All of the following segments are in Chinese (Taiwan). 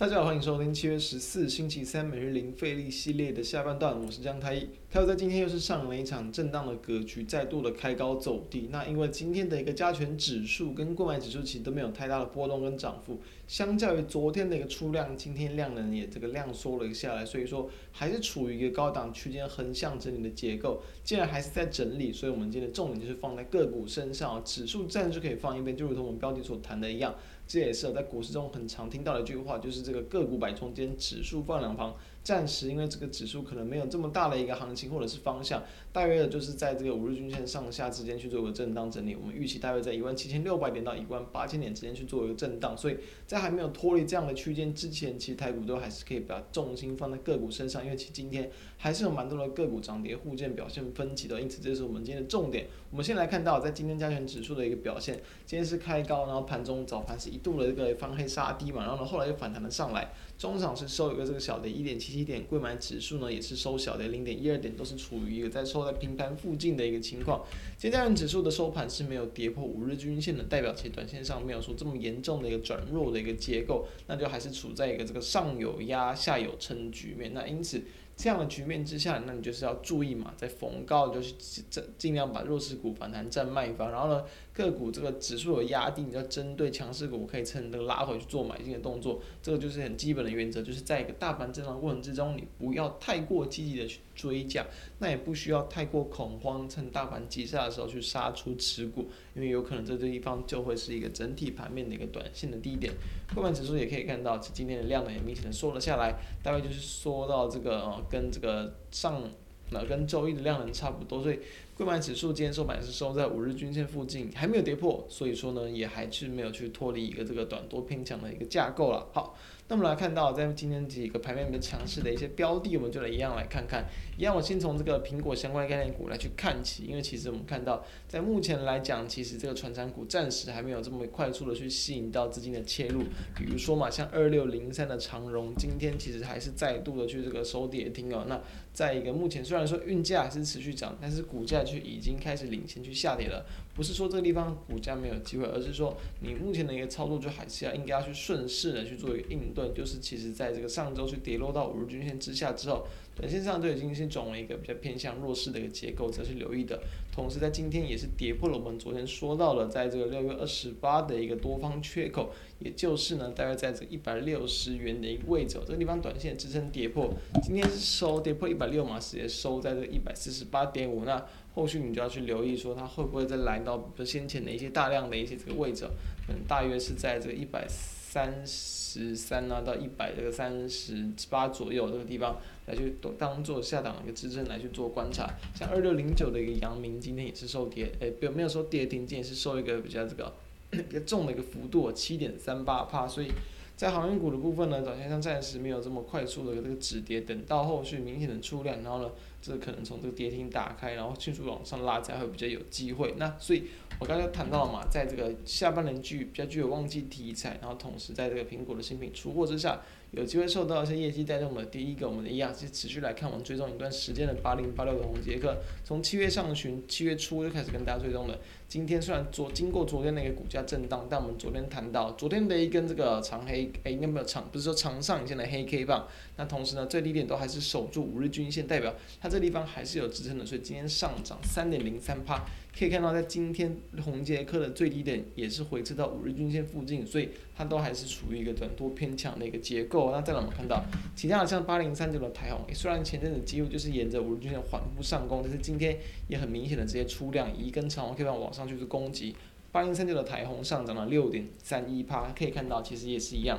大家好，歡迎收聽七月十四星期三每日零費力系列的下半段，我是江太一。他又在今天又是上了一場震盪的格局，再度的開高走低。那因為今天的一個加權指數跟櫃買指數其實都沒有太大的波動跟漲幅，相較於昨天的一個出量，今天量能也這個量縮了一下來，所以說還是處於一個高檔區間橫向整理的結構。既然還是在整理，所以我們今天的重點就是放在個股身上，指數暫時就可以放一邊，就如同我們標題所談的一樣，這也是在股市中很常聽到的一句話，就是。這個個股擺中間，指數放兩旁。暫時因為這個指數可能沒有這麼大的一個行情或者是方向，大約的就是在這個五日均線上下之間去做一個震盪整理。我們預期大約在一萬七千六百點到一萬八千點之間去做一個震盪，所以在還沒有脫離這樣的區間之前，其實台股都還是可以把重心放在個股身上，因為其實今天還是有蠻多的個股漲跌互見表現分歧的。因此這是我們今天的重點。我們先來看到在今天加權指數的一個表現，今天是開高，然後盤中早盤是一度的這個翻黑殺低嘛，然後呢後來又反彈了上來，中場是收一個這個小的一點七。低點，櫃買指數呢也是收小的零點一二點，都是處於一個在收在平盤附近的一個情況。接下來指數的收盤是沒有跌破五日均線的，代表其短線上沒有說這麼嚴重的一個轉弱的一個結構，那就還是處在一個這個上有壓下有撐的局面。那因此。這樣的局面之下，那你就是要注意嘛，在逢高就去儘儘量把弱勢股反彈占賣方，然後呢個股這個指數有壓低，你要針對強勢股可以趁這個拉回去做買進的動作。這個就是很基本的原則，就是在一個大盤震盪過程之中，你不要太過積極的去追價，那也不需要太過恐慌，趁大盤急下的時候去殺出持股，因為有可能這個地方就會是一個整體盤面的一個短線的低點。開盤指數也可以看到，今天的量呢也明顯的縮了下來，大概就是縮到這個、哦跟這個上，呃，跟周一的量能差不多，所以。收盤指數今天收盤是收在五日均線附近，還沒有跌破，所以說呢，也還是沒有去脫離一個這個短多偏強的一個架構了。好，那我們來看到在今天幾個盤面比較強勢的一些標的，我們就來一樣來看看。一樣，我先從這個蘋果相關概念股來去看起，因為其實我們看到在目前來講，其實這個傳產股暫時還沒有這麼快速的去吸引到資金的切入。比如說嘛，像二六零三的長榮，今天其實還是再度的去這個收跌停哦。那在一個，目前雖然說運價是持續漲，但是股價。就已經開始領先去下跌了，不是說這個地方股價沒有機會，而是說你目前的一個操作就還是要應該要去順勢的去做一個應對，就是其實在這個上周去跌落到五日均線之下之後。短線上就已經是轉為一個比較偏向弱勢的一個結構，則是留意的。同時，在今天也是跌破了我們昨天說到了，在這個六月二十八的一個多方缺口，也就是呢，大約在這一百六十元的一個位置。這個地方短線支撐跌破，今天是收跌破一百六嘛，直接收在這一百四十八點五。那後續你就要去留意說它會不會再來到比較先前的一些大量的一些這個位置，嗯，大約是在這個一百四。三十三啊到一百這個三十八左右這個地方來去都當做下檔一個支撐來去做觀察，像二六零九的一個陽明今天也是收跌，誒、欸，沒沒有說跌停，今天是收一個比較這個比較重的一個幅度七點三八帕，所以在航運股的部分呢，短線上暫時沒有這麼快速的這個止跌，等到後續明顯的出量，然後呢。這可能從這個跌停打開，然後迅速往上拉，才會比較有機會。那所以，我剛剛談到了嘛，在這個下半年具比較具有旺季題材，然後同時在這個蘋果的新品出貨之下，有機會受到一些業績帶動的。第一個我們的一樣是持續來看，我們追蹤一段時間的八零八六的宏捷科，從七月上旬、七月初就開始跟大家追蹤了。今天雖然昨經過昨天那個股價震盪，但我們昨天談到昨天的一根這個長黑，哎，有沒有長？不是說長上影線的黑 K 棒？那同時呢，最低點都還是守住五日均線，代表它。這地方還是有支撐的，所以今天上漲三點零三趴，可以看到在今天宏捷科的最低點也是回撤到五日均線附近，所以它都還是處於一個短多偏強的一個結構。那再來我們看到，其他的像八零三九的台虹、欸，雖然前陣子幾乎就是沿着五日均線緩步上攻，但是今天也很明顯的這些出量，一根長紅 K 線往上就是攻擊。八零三九的台虹上漲了六點三一趴，可以看到其實也是一樣。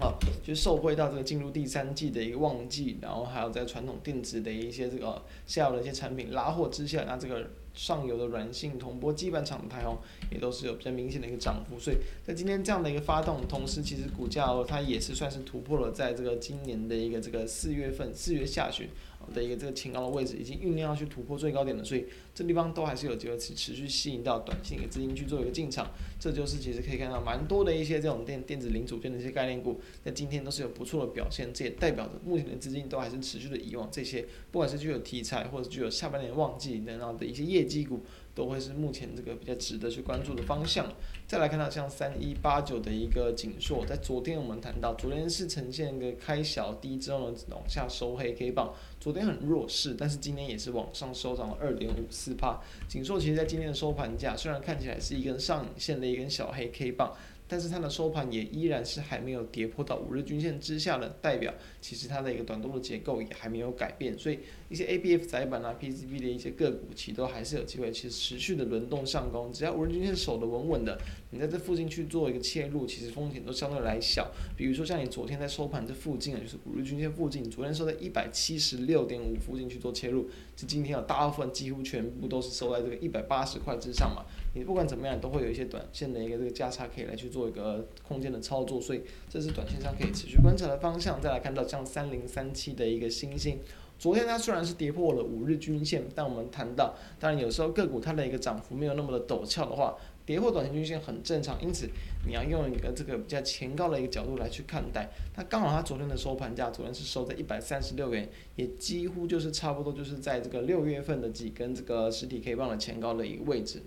啊，就受惠到這個進入第三季的一個旺季，然後還有在傳統電子的一些這個下游的一些產品拉貨之下，那這個上游的軟性銅箔基板廠的台虹也都是有比較明顯的一個漲幅，所以在今天這樣的一個發動，同時其實股價、哦、它也是算是突破了在這個今年的一個這個四月份四月下旬。的一個這個前高的位置，已經醞釀要去突破最高點了，所以這地方都還是有機會持持續吸引到短線的資金去做一個進場，這就是其實可以看到蠻多的一些這種電電子零組件的一些概念股，在今天都是有不錯的表現，這也代表着目前的資金都還是持續的以往這些不管是具有題材或者具有下半年旺季等等的一些業績股。都會是目前這個比較值得去關注的方向。再來看到像三一八九的一個景碩，在昨天我們談到，昨天是呈現一個開小低之後呢往下收黑 K 棒，昨天很弱勢，但是今天也是往上收漲了二點五四%。景碩其實，在今天的收盤價雖然看起來是一根上影線的一根小黑 K 棒。但是它的收盤也依然是還沒有跌破到五日均線之下的，代表其實它的一個短多的結構也還沒有改變，所以一些 A B F 載板啊、P C B 的一些個股其實都還是有機會去持續的輪動上攻，只要五日均線守得穩穩的，你在這附近去做一個切入，其實風險都相對來小。比如說像你昨天在收盤這附近啊，就是五日均線附近，昨天收在一百七十六點五附近去做切入，這今天有大部分幾乎全部都是收在這個一百八十塊之上嘛，你不管怎麼樣都會有一些短線的一個這個價差可以來去做。做一個空間的操作，所以這是短線上可以持續觀察的方向。再來看到像三零三七的一個欣興，昨天它雖然是跌破了五日均線，但我們談到，當然有時候個股它的一個漲幅沒有那麼的陡峭的話，跌破短期均線很正常。因此，你要用一個這個比較前高的一個角度來去看待它。剛好它昨天的收盤價，昨天是收在一百三十六元，也幾乎就是差不多就是在這個六月份的幾根這個實體 K 棒的前高的一個位置。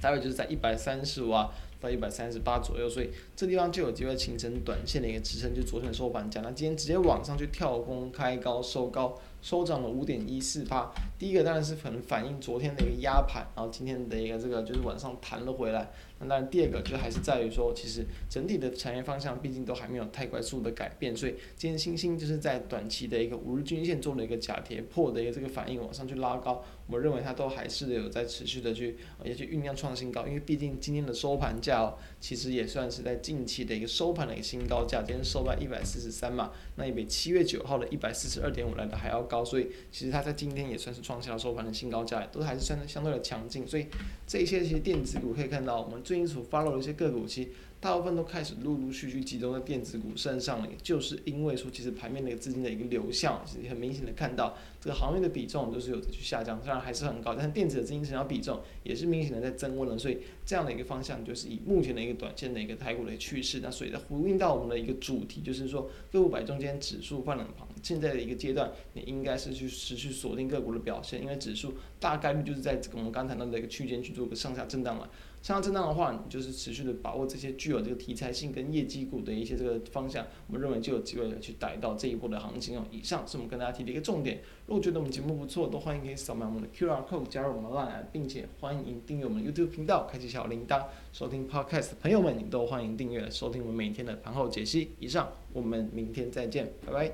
大概就是在一百三十五啊。到一百三十八左右，所以這地方就有機會形成短線的一個支撐，就昨天收盤價。那今天直接往上去跳空開高收高。收漲了五點一四八，第一個當然是可能反映昨天的一個壓盤，然後今天的一個這個就是晚上彈了回來。那當然第二個就還是在於說，其實整體的產業方向畢竟都還沒有太快速的改變，所以今天星星就是在短期的一個五日均線中的一個假跌破的一個這個反應往上去拉高，我認為它都還是有在持續的去，也去醞釀創新高，因為畢竟今天的收盤價、哦、其實也算是在近期的一個收盤的一個新高價，今天收在一百四十三嘛，那也比七月九號的一百四十二點五來的還要。高，所以其實它在今天也算是創下了收盤的新高價，都還是算相對的強勁。所以這些其實電子股可以看到，我們最近所 follow 的一些個股，其。大部分都開始陸陸續續集中在電子股身上了，就是因為說其實盤面那個資金的一個流向，其實很明顯的看到這個行業的比重就是有去下降，雖然還是很高，但是電子的資金成交比重也是明顯的在增溫了，所以這樣的一個方向就是以目前的一個短線的一個台股的趨勢，那所以它呼應到我們的一個主題就是說，個股擺中間，指數放兩旁，現在的一個階段，你應該是去持續鎖定個股的表現，因為指數大概率就是在我們剛剛談到的一個區間去做個上下震盪了。像這樣的話，你就是持續的把握這些具有這個題材性跟業績股的一些這個方向，我們認為就有機會去逮到這一波的行情哦。以上是我們跟大家提的一個重點。如果覺得我們節目不錯，都歡迎可以掃描我們的 QR code 加入我們的 LINE，並且歡迎訂閱我們的 YouTube 頻道，開啟小鈴鐺收聽 Podcast。朋友們，你都歡迎訂閱收聽我們每天的盤後解析。以上，我們明天再見，拜拜。